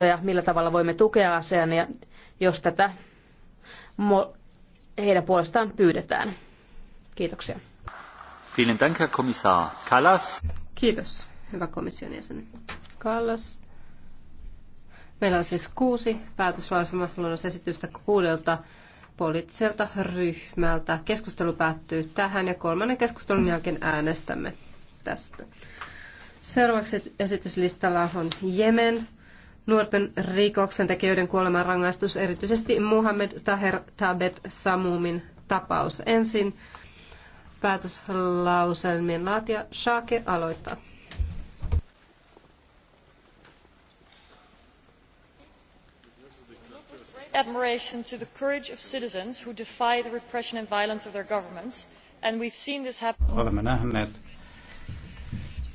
ja millä tavalla voimme tukea asian, ja jos tätä heidän puolestaan pyydetään. Kiitoksia. Vielen Dank, Herr Kommissar Kallas. Kiitos, hyvä komission jäsen Kallas. Meillä on siis kuusi päätöslausumaluonnosesitystä kuudelta poliittiselta ryhmältä. Keskustelu päättyy tähän ja kolmannen keskustelun jälkeen äänestämme tästä. Seuraavaksi esityslistalla on Jemen, nuorten rikoksentekijöiden kuolemanrangaistus, erityisesti Muhammed Taher Tabet Samumin tapaus. Ensin päätöslauselmien laatija Shake aloittaa. admiration to the courage of citizens who defy the repression and violence of their governments and we've seen this happen. Olemme nähneet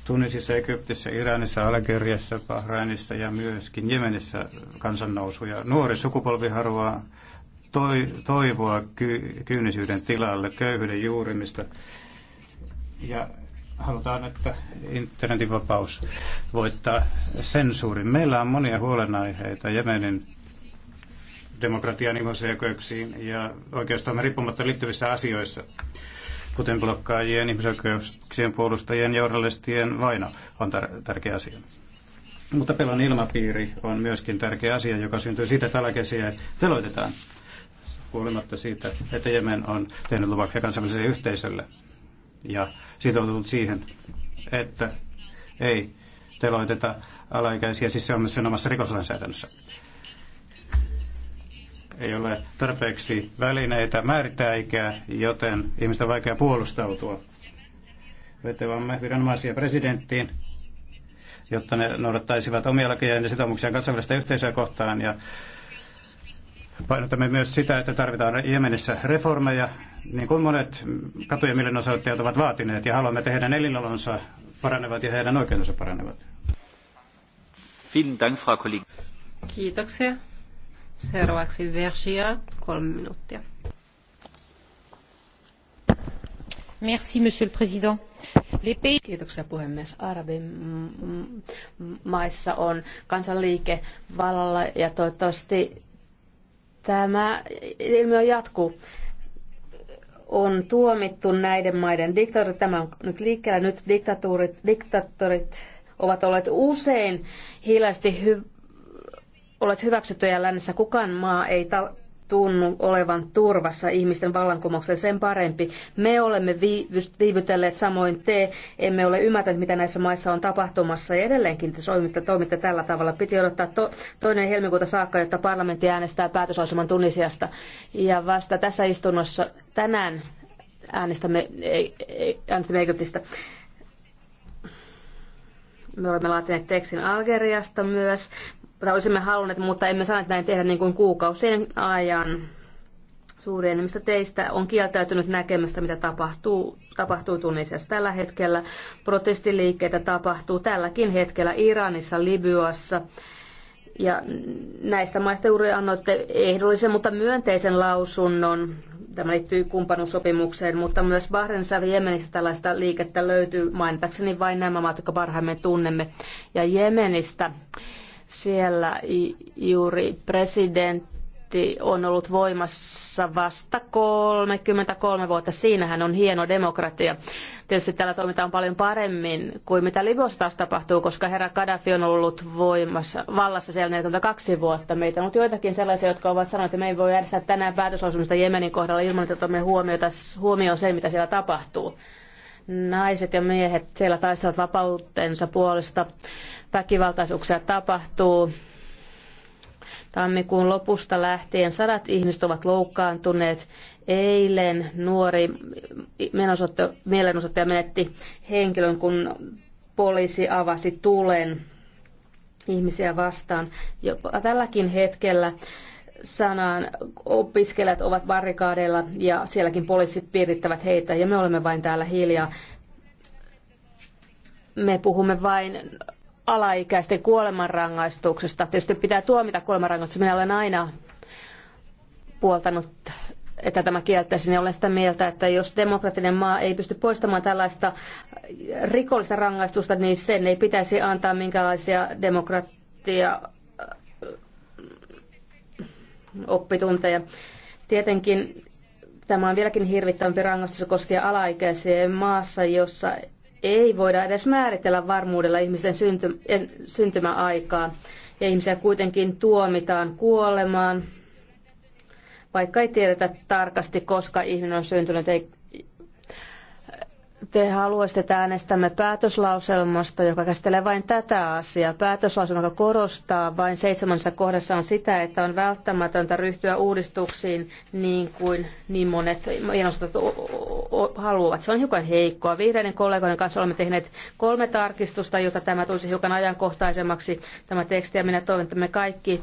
Tunisissa, Egyptissä, Iranissa, Algeriassa, Bahrainissa ja myöskin Jemenissä kansannousuja. Nuori sukupolvi haluaa toi, toivoa ky, kyynisyyden tilalle, köyhyyden juurimista. Ja halutaan, että internetin vapaus voittaa sensuurin. Meillä on monia huolenaiheita Jemenin demokratian ihmisoikeuksiin ja oikeastaan riippumatta liittyvissä asioissa kuten blokkaajien, ihmisoikeuksien puolustajien journalistien vaino on tar- tärkeä asia. Mutta pelon ilmapiiri on myöskin tärkeä asia, joka syntyy siitä, että alakesiä teloitetaan huolimatta siitä, että Jemen on tehnyt luvaksi kansainväliselle yhteisölle ja sitoutunut siihen, että ei teloiteta alaikäisiä, siis se on myös sen omassa rikoslainsäädännössä ei ole tarpeeksi välineitä määrittää ikää, joten ihmistä on vaikea puolustautua. Vetevamme viranomaisia presidenttiin, jotta ne noudattaisivat omia lakeja ja sitoumuksia kansainvälistä yhteisöä kohtaan. Ja painotamme myös sitä, että tarvitaan Jemenissä reformeja, niin kuin monet katujen mielenosoittajat ovat vaatineet, ja haluamme, että heidän elinolonsa paranevat ja heidän oikeutensa paranevat. Vielen Dank, Frau Kollegin. Kiitoksia. Seuraavaksi Versia, kolme minuuttia. Merci, monsieur le président. Les pays... Kiitoksia puhemies. Arabimaissa on kansanliike vallalla ja toivottavasti tämä ilmiö jatkuu on tuomittu näiden maiden diktatorit. Tämä on nyt liikkeellä. Nyt diktatuurit, diktatorit ovat olleet usein hiljaisesti hy- olet hyväksyttyjä lännessä. Kukaan maa ei tunnu olevan turvassa ihmisten vallankumouksen sen parempi. Me olemme viivytelleet samoin te, emme ole ymmärtäneet, mitä näissä maissa on tapahtumassa ja edelleenkin te soimitte, toimitte tällä tavalla. Piti odottaa to, toinen helmikuuta saakka, jotta parlamentti äänestää päätösaseman Tunisiasta. Ja vasta tässä istunnossa tänään äänestämme, e- e- äänestämme Egyptistä. Me olemme laatineet tekstin Algeriasta myös tai olisimme halunneet, mutta emme saaneet näin tehdä niin kuin kuukausien ajan. Suuri enemmistö teistä on kieltäytynyt näkemästä, mitä tapahtuu, tapahtuu Tunisiassa tällä hetkellä. Protestiliikkeitä tapahtuu tälläkin hetkellä Iranissa, Libyassa. Ja näistä maista juuri annoitte ehdollisen, mutta myönteisen lausunnon. Tämä liittyy kumppanuussopimukseen, mutta myös Bahrainissa, ja Jemenissä tällaista liikettä löytyy. Mainitakseni vain nämä maat, jotka parhaimmin tunnemme. Ja Jemenistä siellä juuri presidentti on ollut voimassa vasta 33 vuotta. Siinähän on hieno demokratia. Tietysti täällä toimitaan paljon paremmin kuin mitä Libyassa taas tapahtuu, koska herra Gaddafi on ollut voimassa, vallassa siellä 42 vuotta. Meitä on joitakin sellaisia, jotka ovat sanoneet, että me ei voi järjestää tänään päätösosumista Jemenin kohdalla ilman, että otamme huomiota, huomioon sen, mitä siellä tapahtuu naiset ja miehet siellä taistelevat vapautensa puolesta väkivaltaisuuksia tapahtuu. Tammikuun lopusta lähtien sadat ihmiset ovat loukkaantuneet. Eilen nuori mielenosoittaja menetti henkilön, kun poliisi avasi tulen ihmisiä vastaan. Jopa tälläkin hetkellä sanaan opiskelijat ovat barrikaadeilla ja sielläkin poliisit piirittävät heitä ja me olemme vain täällä hiljaa. Me puhumme vain alaikäisten kuolemanrangaistuksesta. Tietysti pitää tuomita kuolemanrangaistus. Minä olen aina puoltanut, että tämä kieltäisi, niin olen sitä mieltä, että jos demokratinen maa ei pysty poistamaan tällaista rikollista rangaistusta, niin sen ei pitäisi antaa minkälaisia demokratia äh, oppitunteja. Tietenkin tämä on vieläkin hirvittävämpi rangaistus koskee alaikäisiä maassa, jossa ei voida edes määritellä varmuudella ihmisten synty, syntymäaikaa. Ja ihmisiä kuitenkin tuomitaan kuolemaan, vaikka ei tiedetä tarkasti, koska ihminen on syntynyt, ei, te haluaisitte, että äänestämme päätöslauselmasta, joka käsittelee vain tätä asiaa. Päätöslauselma, joka korostaa vain seitsemänsä kohdassa on sitä, että on välttämätöntä ryhtyä uudistuksiin niin kuin niin monet innostot haluavat. Se on hiukan heikkoa. Vihreiden kollegoiden kanssa olemme tehneet kolme tarkistusta, jotta tämä tulisi hiukan ajankohtaisemmaksi tämä teksti. Ja minä toivon, että me kaikki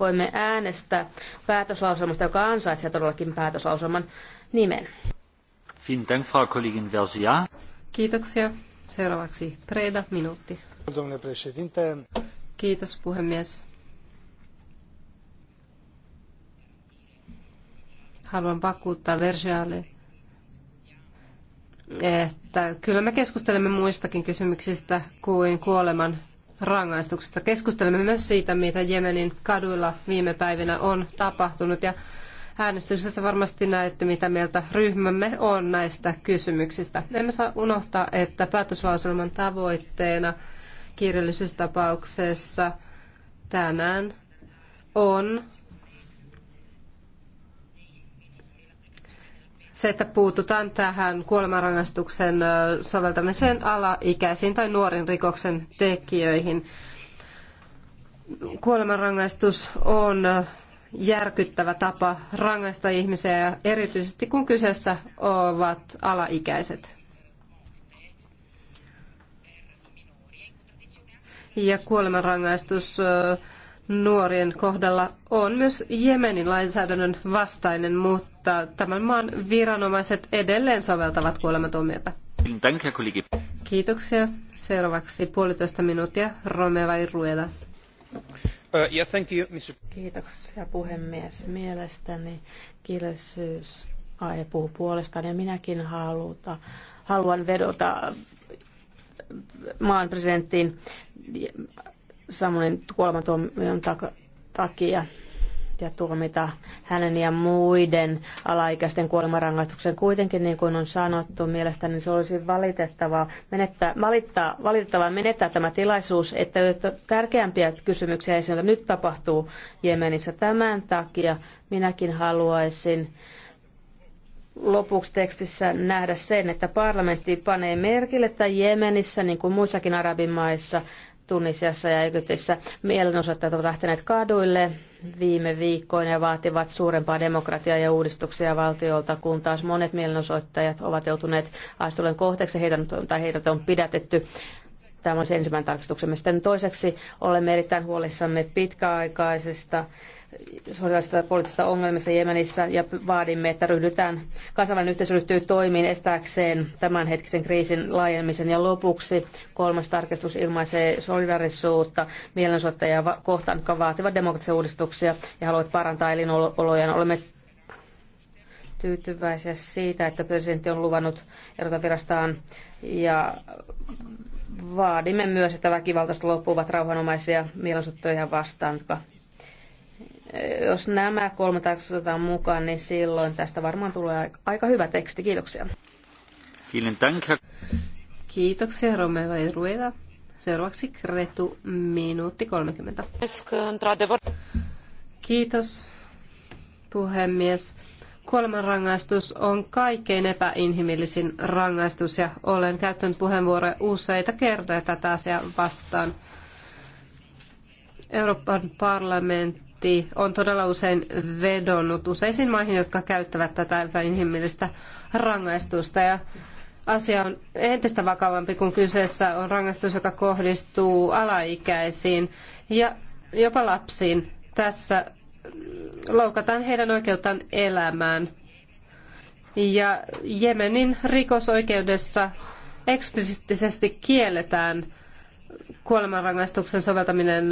voimme äänestää päätöslauselmasta, joka ansaitsee todellakin päätöslauselman nimen. Kiitoksia. Seuraavaksi Preda, minuutti. Kiitos puhemies. Haluan vakuuttaa Vergealle, että kyllä me keskustelemme muistakin kysymyksistä kuin kuoleman rangaistuksesta. Keskustelemme myös siitä, mitä Jemenin kaduilla viime päivinä on tapahtunut ja Äänestyksessä varmasti näette, mitä mieltä ryhmämme on näistä kysymyksistä. Emme saa unohtaa, että päätöslauselman tavoitteena kirjallisuustapauksessa tänään on se, että puututaan tähän kuolemanrangaistuksen soveltamiseen alaikäisiin tai nuorin rikoksen tekijöihin. Kuolemanrangaistus on järkyttävä tapa rangaista ihmisiä, erityisesti kun kyseessä ovat alaikäiset. Ja kuolemanrangaistus nuorien kohdalla on myös Jemenin lainsäädännön vastainen, mutta tämän maan viranomaiset edelleen soveltavat kuolematomiota. Kiitoksia. Seuraavaksi puolitoista minuuttia Romeva Irueda. Uh, Kiitoksia puhemies. Mielestäni kiireellisyys puhuu puolestaan ja minäkin haluta, haluan vedota maan presidenttiin Samoin kuolemantuomion takia ja tuomita hänen ja muiden alaikäisten kuolemanrangaistuksen. Kuitenkin, niin kuin on sanottu, mielestäni se olisi valitettavaa menettää, valittaa, valitettavaa menettää tämä tilaisuus, että tärkeämpiä kysymyksiä siellä nyt tapahtuu Jemenissä. Tämän takia minäkin haluaisin lopuksi tekstissä nähdä sen, että parlamentti panee merkille, että Jemenissä, niin kuin muissakin arabimaissa, Tunisiassa ja Egyptissä. Mielenosoittajat ovat lähteneet kaduille viime viikkoina ja vaativat suurempaa demokratiaa ja uudistuksia valtiolta, kun taas monet mielenosoittajat ovat joutuneet aistulen kohteeksi heidän, tai heidät on pidätetty. Tämä on se ensimmäinen tarkistuksemme. Sitten toiseksi olemme erittäin huolissamme pitkäaikaisesta sosiaalista poliittisista ongelmista Jemenissä ja vaadimme, että ryhdytään, kansainvälinen yhteisö ryhtyy toimiin estääkseen tämänhetkisen kriisin laajenemisen. Ja lopuksi kolmas tarkistus ilmaisee solidarisuutta mielenosoittajia kohtaan, jotka vaativat demokratisia uudistuksia ja haluavat parantaa elinoloja. Olemme tyytyväisiä siitä, että presidentti on luvannut erota virastaan ja vaadimme myös, että väkivaltaista loppuvat rauhanomaisia mielenosoittajia vastaan, jotka jos nämä kolme otetaan mukaan, niin silloin tästä varmaan tulee aika hyvä teksti. Kiitoksia. Kiitoksia Romeva Rueda. Seuraavaksi Kretu, minuutti 30. Kiitos, puhemies. Kuolemanrangaistus on kaikkein epäinhimillisin rangaistus ja olen käyttänyt puheenvuoroja useita kertoja tätä asiaa vastaan. Euroopan parlamentti parlamentti on todella usein vedonnut useisiin maihin, jotka käyttävät tätä epäinhimillistä rangaistusta. Ja asia on entistä vakavampi, kun kyseessä on rangaistus, joka kohdistuu alaikäisiin ja jopa lapsiin. Tässä loukataan heidän oikeuttaan elämään. Ja Jemenin rikosoikeudessa eksplisiittisesti kielletään kuolemanrangaistuksen soveltaminen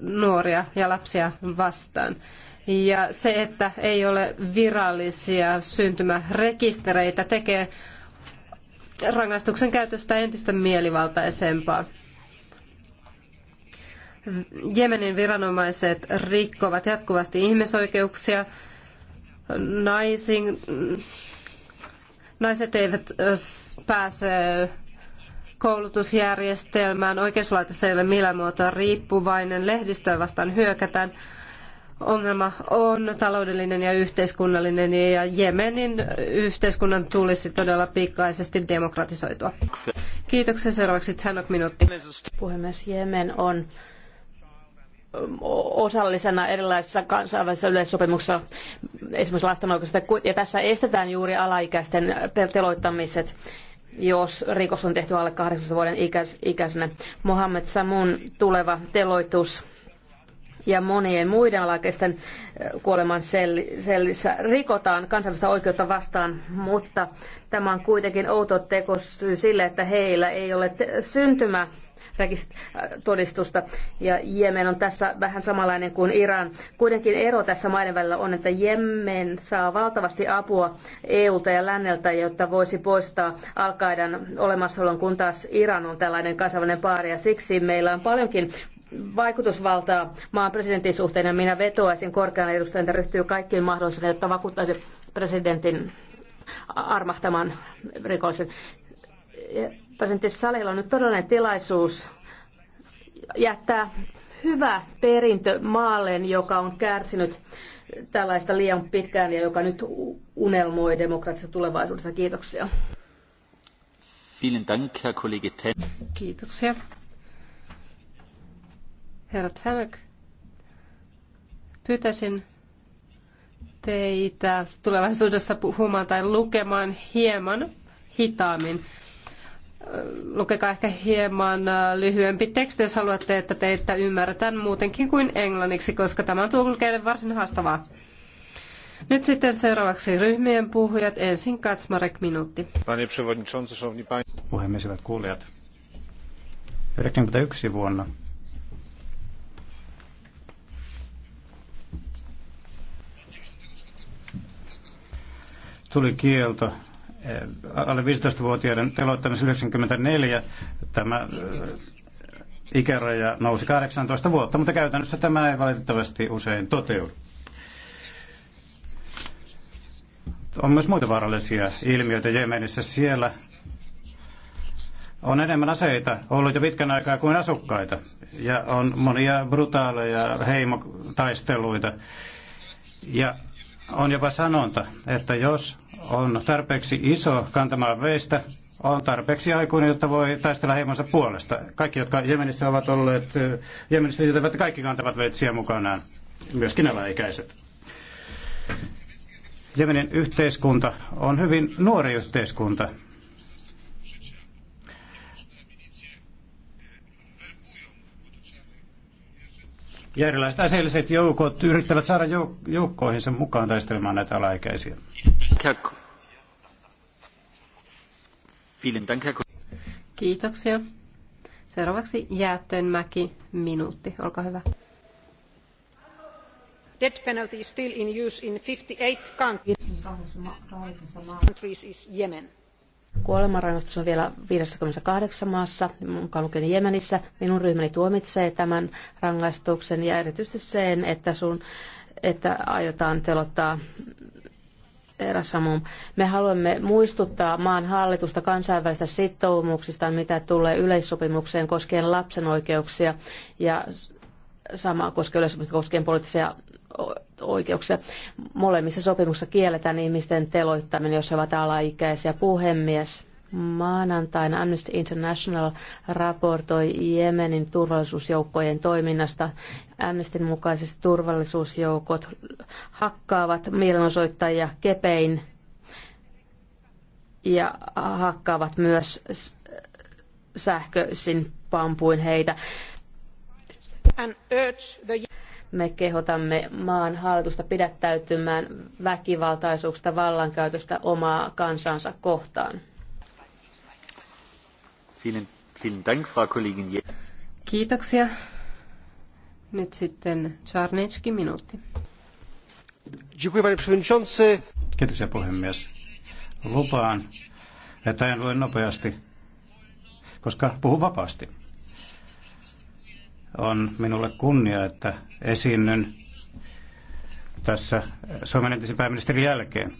nuoria ja lapsia vastaan. Ja se, että ei ole virallisia syntymärekistereitä, tekee rangaistuksen käytöstä entistä mielivaltaisempaa. Jemenin viranomaiset rikkovat jatkuvasti ihmisoikeuksia. Naisin, naiset eivät pääse koulutusjärjestelmään, oikeuslaitos ei ole millään muotoa riippuvainen, lehdistöä vastaan hyökätään. Ongelma on taloudellinen ja yhteiskunnallinen ja Jemenin yhteiskunnan tulisi todella pikaisesti demokratisoitua. Kiitoksia seuraavaksi Chanok minuutti. Puhemies Jemen on osallisena erilaisissa kansainvälisissä yleissopimuksissa, esimerkiksi lasten oikeuksista, ja tässä estetään juuri alaikäisten teloittamiset jos rikos on tehty alle 18 vuoden ikäisenä. Mohammed Samun tuleva teloitus ja monien muiden alakeisten eh, kuoleman sellissä rikotaan kansallista oikeutta vastaan, mutta tämä on kuitenkin outo tekosyy sille, että heillä ei ole syntymä Äh, todistusta. Ja Jemen on tässä vähän samanlainen kuin Iran. Kuitenkin ero tässä maiden välillä on, että Jemen saa valtavasti apua EUlta ja länneltä, jotta voisi poistaa al olemassaolon, kun taas Iran on tällainen kansainvälinen paari. Ja siksi meillä on paljonkin vaikutusvaltaa maan presidentin suhteen ja minä vetoaisin korkean edustajan, että ryhtyy kaikkiin mahdollisiin, jotta vakuuttaisi presidentin armahtaman rikollisen presidentti Salilla on nyt todellinen tilaisuus jättää hyvä perintö maalleen, joka on kärsinyt tällaista liian pitkään ja joka nyt unelmoi demokraattisessa tulevaisuudessa. Kiitoksia. Vielen Dank, Herr Kollege Ten. Kiitoksia. Herra Tämök, pyytäisin teitä tulevaisuudessa puhumaan tai lukemaan hieman hitaammin lukekaa ehkä hieman äh, lyhyempi teksti, jos haluatte, että teitä ymmärretään muutenkin kuin englanniksi, koska tämä on tulkeille varsin haastavaa. Nyt sitten seuraavaksi ryhmien puhujat. Ensin Katsmarek minuutti. Panie przewodniczący, szanowni państwo. Puhemies, hyvät kuulijat. 91 vuonna tuli kielto Äh, alle 15-vuotiaiden teloittamisessa 94 tämä äh, ikäraja nousi 18 vuotta, mutta käytännössä tämä ei valitettavasti usein toteudu. On myös muita vaarallisia ilmiöitä Jemenissä. Siellä on enemmän aseita ollut jo pitkän aikaa kuin asukkaita. Ja on monia brutaaleja heimotaisteluita. Ja on jopa sanonta, että jos on tarpeeksi iso kantamaan veistä, on tarpeeksi aikuinen, jotta voi taistella heimonsa puolesta. Kaikki, jotka Jemenissä ovat olleet, Jemenissä jätävät kaikki kantavat veitsiä mukanaan, myöskin alaikäiset. Jemenin yhteiskunta on hyvin nuori yhteiskunta. Ja erilaiset aseelliset joukot yrittävät saada jouk- joukkoihinsa mukaan taistelemaan näitä alaikäisiä. Kiitoksia. Seuraavaksi Jäätönmäki, minuutti. Olkaa hyvä. Death penalty is still in use in 58 countries is Yemen. Kuolemanrangaistus on vielä 58 maassa, mukaan lukien Jemenissä. Minun ryhmäni tuomitsee tämän rangaistuksen ja erityisesti sen, että, sun, että aiotaan telottaa Me haluamme muistuttaa maan hallitusta kansainvälistä sitoumuksista, mitä tulee yleissopimukseen koskien lapsen oikeuksia ja sama koskee yleissopimusta koskien poliittisia oikeuksia. Molemmissa sopimuksissa kielletään ihmisten teloittaminen, jos he ovat alaikäisiä. Puhemies, maanantaina Amnesty International raportoi Jemenin turvallisuusjoukkojen toiminnasta. Amnestyn mukaisesti turvallisuusjoukot hakkaavat mielenosoittajia kepein ja hakkaavat myös sähköisin pampuin heitä. And urge the me kehotamme maan hallitusta pidättäytymään väkivaltaisuuksista vallankäytöstä omaa kansansa kohtaan. Kiitoksia. Nyt sitten Czarnecki minuutti. Kiitoksia puhemies. Lupaan, että en lue nopeasti, koska puhun vapaasti. On minulle kunnia, että esiinnyn tässä Suomen entisen pääministerin jälkeen.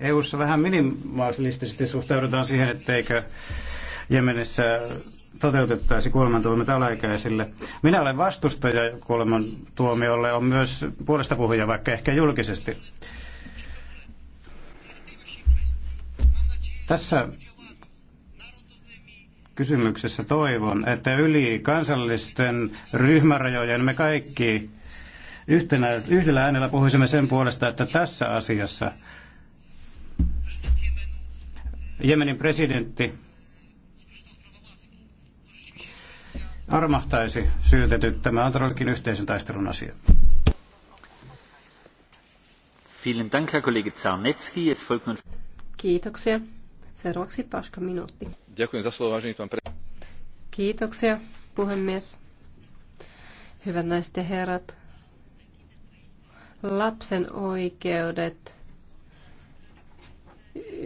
EU-ssa vähän minimaalistisesti suhtaudutaan siihen, etteikö Jemenissä toteutettaisiin kuolemantuomiot alaikäisille. Minä olen vastustaja kuolemantuomiolle, on myös puolesta puhuja, vaikka ehkä julkisesti. Tässä kysymyksessä toivon, että yli kansallisten ryhmärajojen me kaikki yhtenä, yhdellä äänellä puhuisimme sen puolesta, että tässä asiassa Jemenin presidentti armahtaisi syytetyt. Tämä on todellakin yhteisen taistelun asia. Kiitoksia. Seuraavaksi Paska minuutti. Kiitoksia, puhemies. Hyvät naiset ja herrat, lapsen oikeudet,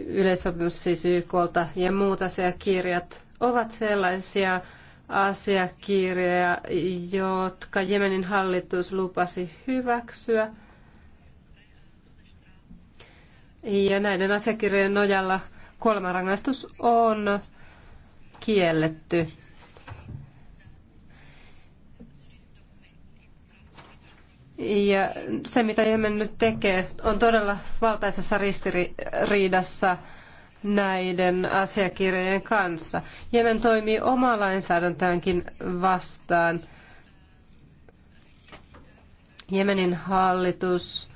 yleissopimus siis YKlta ja muut asiakirjat ovat sellaisia asiakirjoja, jotka Jemenin hallitus lupasi hyväksyä. Ja näiden asiakirjojen nojalla kuolemanrangaistus on kielletty. Ja se, mitä Jemen nyt tekee, on todella valtaisessa ristiriidassa näiden asiakirjojen kanssa. Jemen toimii omaa lainsäädäntöäänkin vastaan. Jemenin hallitus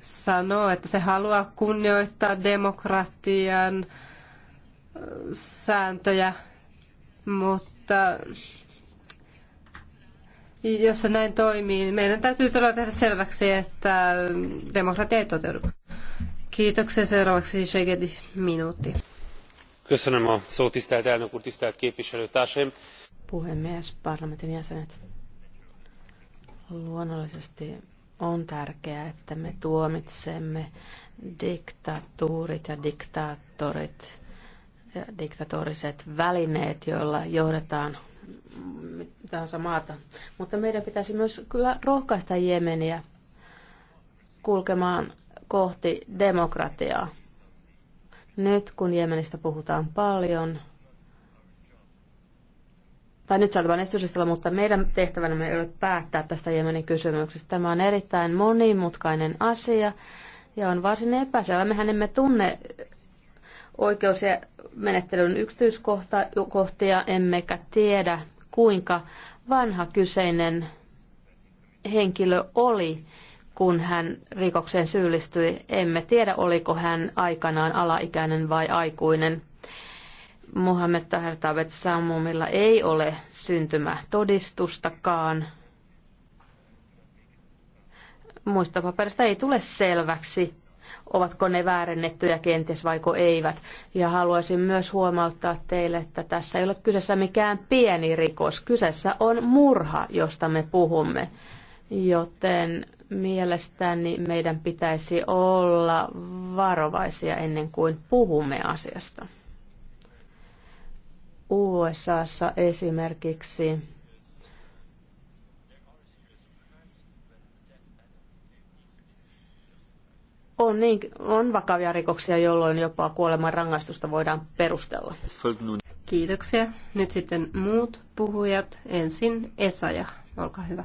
sanoo, että se haluaa kunnioittaa demokratian sääntöjä, mutta jos se näin toimii, meidän täytyy todella tehdä selväksi, että demokratia ei toteudu. Kiitoksia. Seuraavaksi Segedi minuutti. Köszönöm a szót, tisztelt elnök úr, tisztelt képviselőtársaim. Puhemies, parlamentin jäsenet. Luonnollisesti on tärkeää, että me tuomitsemme diktatuurit ja diktaattorit ja diktatoriset välineet, joilla johdetaan tahansa maata. Mutta meidän pitäisi myös kyllä rohkaista Jemeniä kulkemaan kohti demokratiaa. Nyt kun Jemenistä puhutaan paljon, tai nyt saatavan esityslistalla, mutta meidän tehtävänämme ei ole päättää tästä Jemenin kysymyksestä. Tämä on erittäin monimutkainen asia ja on varsin epäselvä. Mehän emme tunne oikeus- ja menettelyn yksityiskohtia, emmekä tiedä, kuinka vanha kyseinen henkilö oli kun hän rikokseen syyllistyi. Emme tiedä, oliko hän aikanaan alaikäinen vai aikuinen. Muhammed Taher Tavet Samumilla ei ole syntymätodistustakaan. Muista paperista ei tule selväksi, ovatko ne väärennettyjä kenties vaiko eivät. Ja haluaisin myös huomauttaa teille, että tässä ei ole kyseessä mikään pieni rikos. Kyseessä on murha, josta me puhumme. Joten Mielestäni meidän pitäisi olla varovaisia ennen kuin puhumme asiasta. USAssa esimerkiksi on, niin, on vakavia rikoksia, jolloin jopa kuoleman rangaistusta voidaan perustella. Kiitoksia. Nyt sitten muut puhujat. Ensin Esaja, olkaa hyvä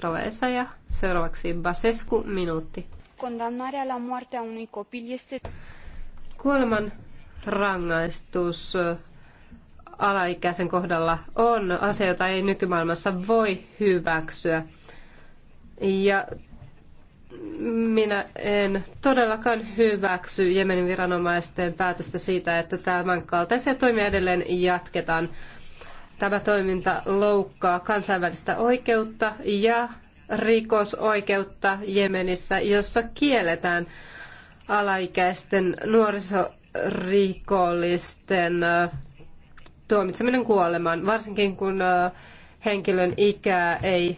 Rova Esaja, seuraavaksi Basescu, minuutti. Condamnarea la moartea unui copil este... Kuoleman rangaistus äh, alaikäisen kohdalla on asia, jota ei nykymaailmassa voi hyväksyä. Ja minä en todellakaan hyväksy Jemenin viranomaisten päätöstä siitä, että tämän kaltaisia toimia edelleen jatketaan. Tämä toiminta loukkaa kansainvälistä oikeutta ja rikosoikeutta Jemenissä, jossa kielletään alaikäisten nuorisorikollisten tuomitseminen kuolemaan, varsinkin kun henkilön ikää ei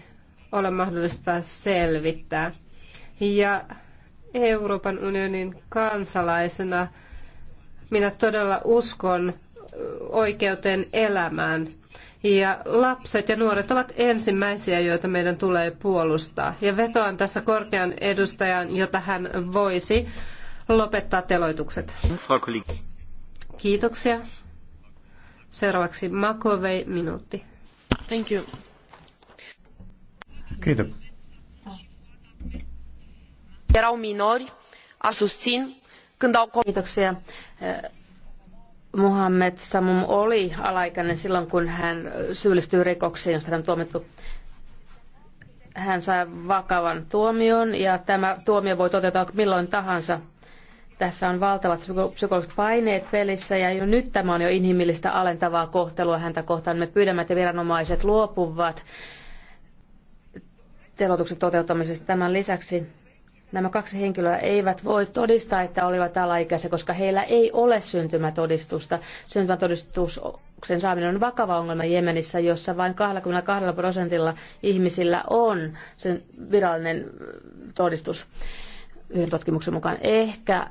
ole mahdollista selvittää. Ja Euroopan unionin kansalaisena minä todella uskon oikeuteen elämään ja lapset ja nuoret ovat ensimmäisiä, joita meidän tulee puolustaa. Ja vetoan tässä korkean edustajan, jota hän voisi lopettaa teloitukset. Kiitoksia. Seuraavaksi Makovei, minuutti. Thank you. Kiitos. Erau minori, asustin susțin, când au... Kiitoksia. Muhammed Samum oli alaikäinen silloin, kun hän syyllistyi rikoksiin, josta hän on tuomittu. Hän sai vakavan tuomion ja tämä tuomio voi toteuttaa milloin tahansa. Tässä on valtavat psykologiset paineet pelissä ja jo nyt tämä on jo inhimillistä alentavaa kohtelua häntä kohtaan. Me pyydämme, että viranomaiset luopuvat telotuksen toteuttamisesta. Tämän lisäksi Nämä kaksi henkilöä eivät voi todistaa, että olivat alaikäisiä, koska heillä ei ole syntymätodistusta. Syntymätodistuksen saaminen on vakava ongelma Jemenissä, jossa vain 22 prosentilla ihmisillä on virallinen mm, todistus yhden tutkimuksen mukaan. Ehkä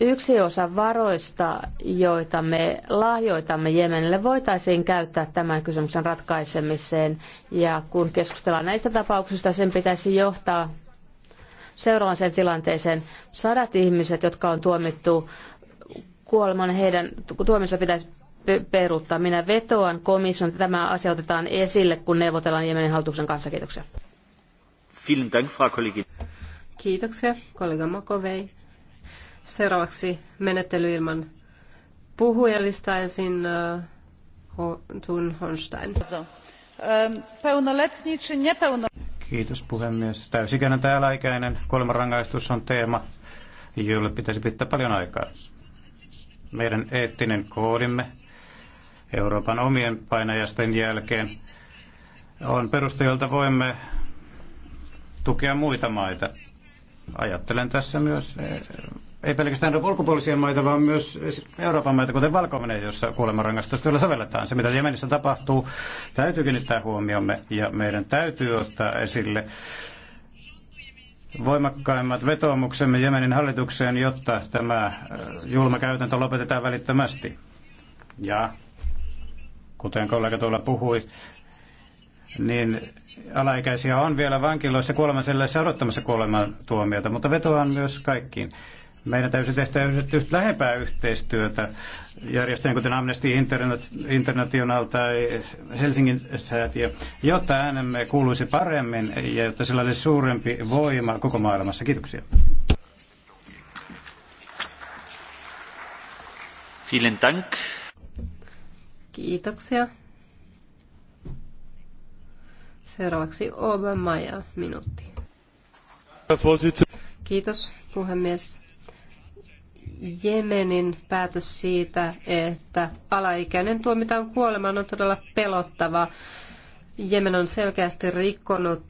yksi osa varoista, joita me lahjoitamme Jemenille, voitaisiin käyttää tämän kysymyksen ratkaisemiseen. Ja kun keskustellaan näistä tapauksista, sen pitäisi johtaa seuraavaan tilanteeseen. Sadat ihmiset, jotka on tuomittu kuolemaan, heidän tuomissa pitäisi peruuttaa. Minä vetoan komission, että tämä asia otetaan esille, kun neuvotellaan Jemenin hallituksen kanssa. Kiitoksia. Kiitoksia, kollega Makovei. Seuraavaksi menettely ilman puhujalista ensin uh, Thun Honstein. Pełnoletni czy niepełnoletni? Kiitos puhemies. Täysikäinen tai alaikäinen kuolemanrangaistus on teema, jolle pitäisi pitää paljon aikaa. Meidän eettinen koodimme Euroopan omien painajasten jälkeen on perusta, jolta voimme tukea muita maita. Ajattelen tässä myös ei pelkästään ulkopuolisia maita, vaan myös Euroopan maita, kuten valko jossa kuolemanrangaistusta kyllä sovelletaan. Se, mitä Jemenissä tapahtuu, täytyy kiinnittää huomiomme ja meidän täytyy ottaa esille voimakkaimmat vetoomuksemme Jemenin hallitukseen, jotta tämä äh, julma käytäntö lopetetaan välittömästi. Ja kuten kollega tuolla puhui, niin alaikäisiä on vielä vankiloissa kuolemanselleissä odottamassa kuolemantuomiota, mutta vetoan myös kaikkiin meidän täytyy tehdä lähempää yhteistyötä järjestöjen kuten Amnesty International tai Helsingin säätiö, jotta äänemme kuuluisi paremmin ja jotta sillä olisi suurempi voima koko maailmassa. Kiitoksia. Vielen Dank. Kiitoksia. Seuraavaksi ja minuutti. Kiitos, puhemies. Jemenin päätös siitä, että alaikäinen tuomitaan kuolemaan, on todella pelottava. Jemen on selkeästi rikkonut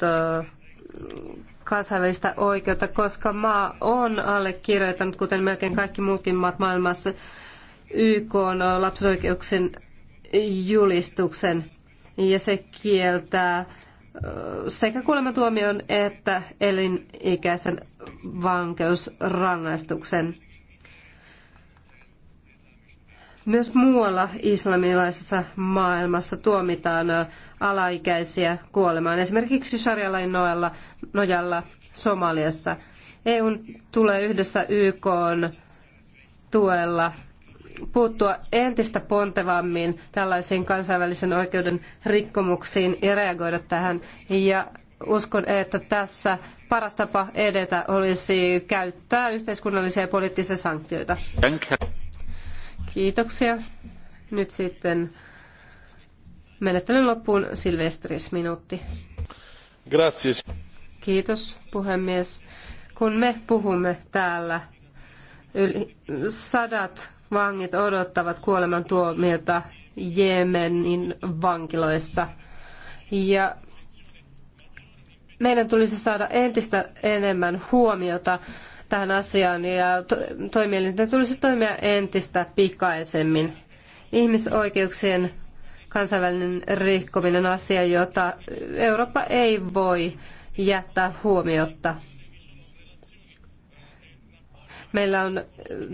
kansainvälistä oikeutta, koska maa on allekirjoittanut, kuten melkein kaikki muutkin maat maailmassa, YK on lapsen oikeuksien julistuksen. Ja se kieltää sekä kuolemantuomion että elinikäisen vankeusrangaistuksen. Myös muualla islamilaisessa maailmassa tuomitaan alaikäisiä kuolemaan, esimerkiksi sarjalain nojalla, nojalla Somaliassa. EUn tulee yhdessä YK tuella puuttua entistä pontevammin tällaisiin kansainvälisen oikeuden rikkomuksiin ja reagoida tähän. Ja uskon, että tässä paras tapa edetä olisi käyttää yhteiskunnallisia ja poliittisia sanktioita. Kiitoksia. Nyt sitten menettelyn loppuun Silvestris minuutti. Grazie. Kiitos puhemies. Kun me puhumme täällä, yli sadat vangit odottavat kuoleman tuomiota Jemenin vankiloissa. Ja meidän tulisi saada entistä enemmän huomiota tähän asiaan ja toimielinten tulisi toimia entistä pikaisemmin. Ihmisoikeuksien kansainvälinen rikkominen on asia, jota Eurooppa ei voi jättää huomiotta. Meillä on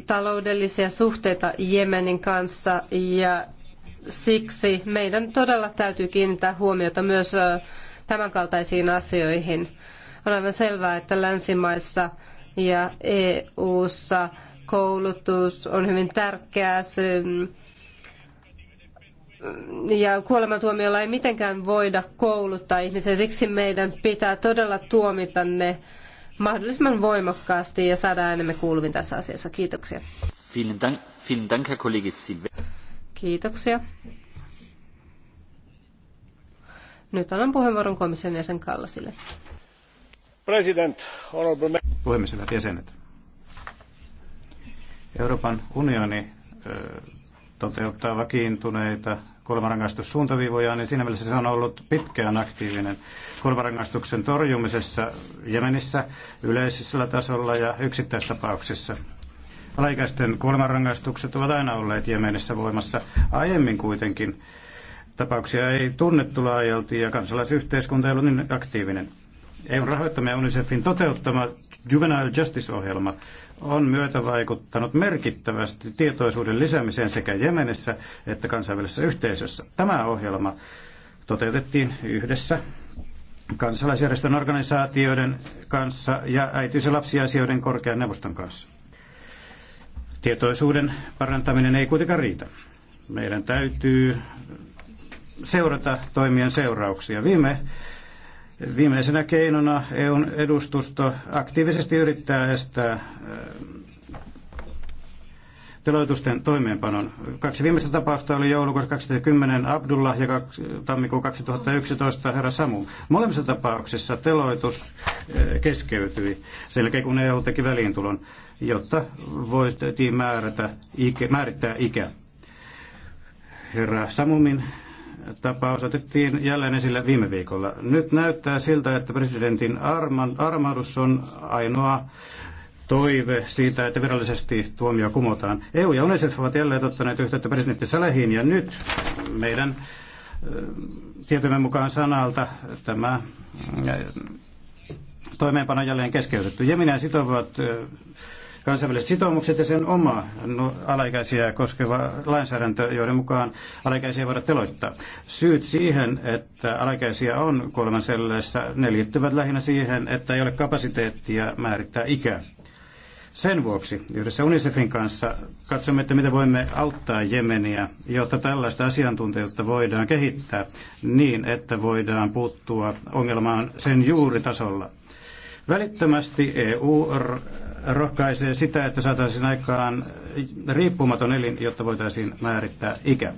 taloudellisia suhteita Jemenin kanssa ja siksi meidän todella täytyy kiinnittää huomiota myös tämänkaltaisiin asioihin. On aivan selvää, että länsimaissa ja EU-ssa koulutus on hyvin tärkeää. Se, ja kuolemantuomiolla ei mitenkään voida kouluttaa ihmisiä, siksi meidän pitää todella tuomita ne mahdollisimman voimakkaasti ja saada äänemme kuuluviin tässä asiassa. Kiitoksia. Vielen dank, vielen dank, Herr Kiitoksia. Nyt annan puheenvuoron komission jäsen Kallasille. President, honorable... Puhemies, hyvät jäsenet. Euroopan unioni toteuttaa vakiintuneita kolmarangaistussuuntaviivoja, niin siinä mielessä se on ollut pitkään aktiivinen kolmarangaistuksen torjumisessa Jemenissä yleisellä tasolla ja yksittäistapauksissa. Alaikäisten kolmarangaistukset ovat aina olleet Jemenissä voimassa. Aiemmin kuitenkin tapauksia ei tunnettu laajalti ja kansalaisyhteiskunta ei ollut niin aktiivinen. EUn rahoittama ja UNICEFin toteuttama Juvenile Justice-ohjelma on myötävaikuttanut merkittävästi tietoisuuden lisäämiseen sekä Jemenissä että kansainvälisessä yhteisössä. Tämä ohjelma toteutettiin yhdessä kansalaisjärjestön organisaatioiden kanssa ja äitiys- ja lapsiasioiden korkean neuvoston kanssa. Tietoisuuden parantaminen ei kuitenkaan riitä. Meidän täytyy seurata toimien seurauksia. Viime Viimeisenä keinona EUn edustusto aktiivisesti yrittää estää teloitusten toimeenpanon. Kaksi viimeistä tapausta oli joulukuussa 2010 Abdullah ja tammikuun 2011 herra Samu. Molemmissa tapauksissa teloitus keskeytyi sen jälkeen, kun EU teki väliintulon, jotta voitiin määrätä, ikä, määrittää ikä. Herra Samumin Tapaus otettiin jälleen esille viime viikolla. Nyt näyttää siltä, että presidentin armahdus on ainoa toive siitä, että virallisesti tuomio kumotaan. EU ja UNICEF ovat jälleen ottaneet yhteyttä presidentti Salehiin ja nyt meidän tietymme mukaan sanalta tämä toimeenpano jälleen keskeytetty. Jeminä sitovat kansainväliset sitoumukset ja sen oma no, alaikäisiä koskeva lainsäädäntö, joiden mukaan alaikäisiä voida teloittaa. Syyt siihen, että alaikäisiä on kuolemanselleissä, ne liittyvät lähinnä siihen, että ei ole kapasiteettia määrittää ikää. Sen vuoksi yhdessä UNICEFin kanssa katsomme, että miten voimme auttaa Jemeniä, jotta tällaista asiantuntijuutta voidaan kehittää niin, että voidaan puuttua ongelmaan sen juuritasolla. Välittömästi EU rohkaisee sitä, että saataisiin aikaan riippumaton elin, jotta voitaisiin määrittää ikä.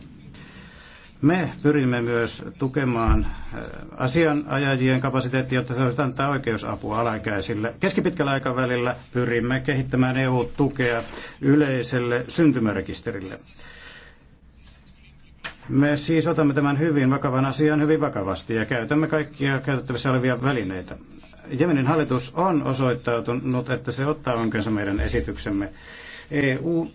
Me pyrimme myös tukemaan äh, asianajajien kapasiteettia, jotta saisi antaa oikeusapua alaikäisille. Keskipitkällä aikavälillä pyrimme kehittämään EU-tukea yleiselle syntymärekisterille. Me siis otamme tämän hyvin vakavan asian hyvin vakavasti ja käytämme kaikkia käytettävissä olevia välineitä. Jemenin hallitus on osoittautunut, että se ottaa onkensa meidän esityksemme. EU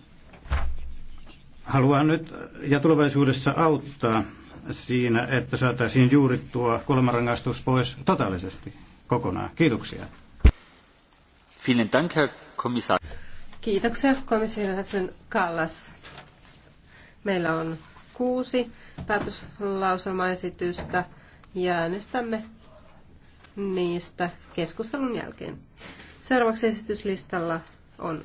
haluaa nyt ja tulevaisuudessa auttaa siinä, että saataisiin juuri tuo kuolemanrangaistus pois totaalisesti kokonaan. Kiitoksia. Dank, Herr Kiitoksia, komissiolaisen Kallas. Meillä on kuusi päätöslauselmaesitystä ja äänestämme niistä keskustelun jälkeen. Seuraavaksi esityslistalla on